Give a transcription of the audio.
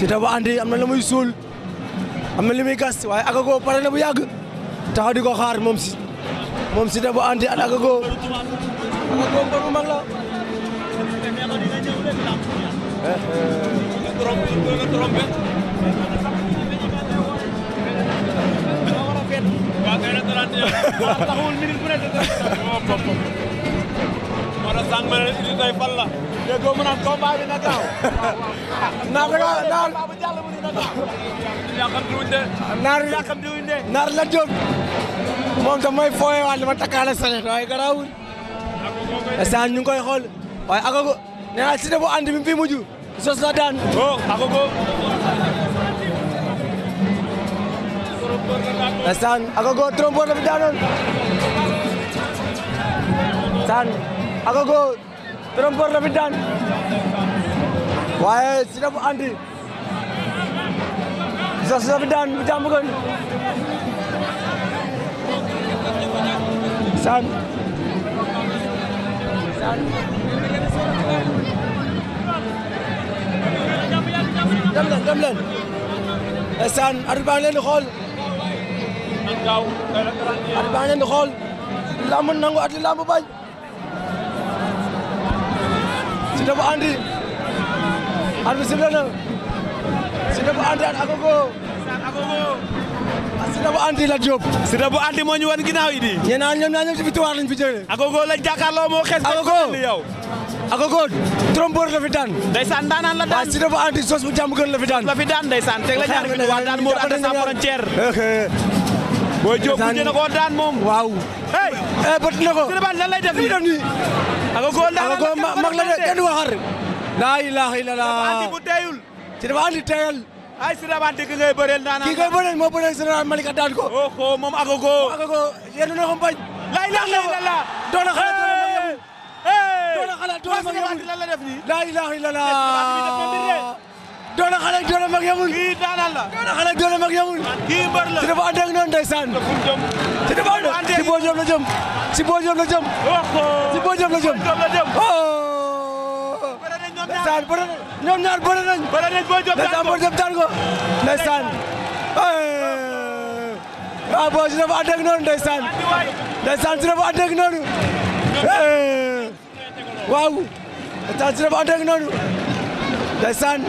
Siteu bu andi am na lu muy suul am na lu muy gas waaye Akago pare na bu yàgg taxaw di ko xaar moom si moom Siteu bu andi ak Akago Akago naar da ngaa naar. la jóg. moom tam mooy fooyee waat li ma takkaale sanet waaye garaawul. instant ñu ngi koy xool waaye agogo nee naa Siteu bu ànd bi fi daan. oh Agogo trompeur la fi daan waaye Siteu bu andi Zoss la fi daan bu jàmm gën san dem leen di xool arbitre baa ngi leen di xool lamb nangu at li lamb Siteu bu andi ar bi sifle na Siteu bu andi ak Agogo Siteu bu andi la Diop Siteu bu andi moo ñu wan ginnaaw yi di ñeen ñaan ñoom ñaa ñoom ci victoire lañ fi jëlee Agogo lañ jàkkaarloo moo xees Agogo yow Agogo trompeur la fi daan ndeysaan daanaan la daan Siteu bu andi sos bu jàmm la fi daan la fi daan ndeysaan teg la ñaar bi waa daan moo ànd sa booy Diop mujj na koo daan moom waaw. hey eh, bët na ko Siré Bane lan ay Siré Bane dëgg ngay bëreel naan kii moo bëreel Siré Bane Malika daan ko. oh moom Agogo. Agogo yéen a ko bañ. laa ilaaha illallah doon na xalaat doon na xalaat doon na xalaat doon na xalaat doon na xalaat doon na xalaat doon na xalaat doon xale doole mag yamul kii daanal a doole noonu ndeysaan te si boo jëm la jëm si boo jëm si boo jëm la noonu ndeysaan ndeysaan